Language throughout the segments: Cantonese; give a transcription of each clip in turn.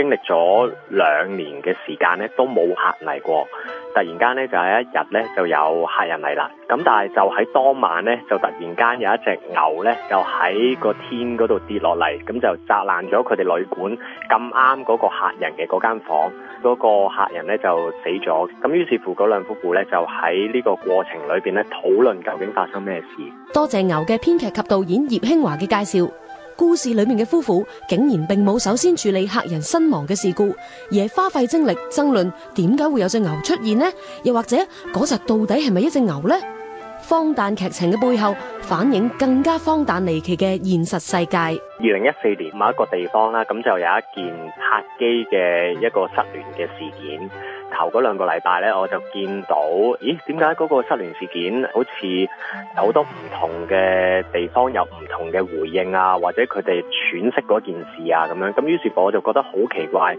經歷咗兩年嘅時間咧，都冇客人嚟過。突然間咧，就有一日咧，就有客人嚟啦。咁但係就喺當晚咧，就突然間有一隻牛咧，嗯、就喺個天嗰度跌落嚟，咁就砸爛咗佢哋旅館，咁啱嗰個客人嘅嗰間房，嗰、嗰個客人咧就死咗。咁於是乎，嗰兩夫婦咧就喺呢個過程裏邊咧討論究竟發生咩事。多謝牛嘅編劇及導演葉興華嘅介紹。故事裏面嘅夫婦竟然並冇首先處理客人身亡嘅事故，而係花費精力爭論點解會有隻牛出現呢？又或者嗰隻到底係咪一隻牛呢？荒誕劇情嘅背後，反映更加荒誕離奇嘅現實世界。二零一四年，某一個地方啦，咁就有一件客機嘅一個失聯嘅事件。頭嗰兩個禮拜呢，我就見到，咦，點解嗰個失聯事件好似有好多唔同嘅地方有唔同嘅回應啊，或者佢哋詮釋嗰件事啊咁樣，咁於是我就覺得好奇怪。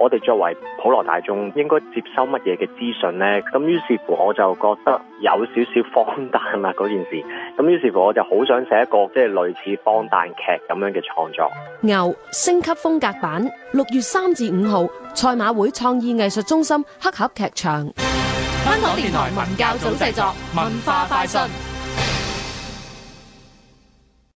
我哋作為普羅大眾應該接收乜嘢嘅資訊呢？咁於是乎我就覺得有少少荒誕啦嗰件事。咁於是乎我就好想寫一個即係類似荒誕劇咁樣嘅創作。牛升級風格版，六月三至五號賽馬會創意藝術中心黑盒劇場。香港電台文教組製作文化快訊。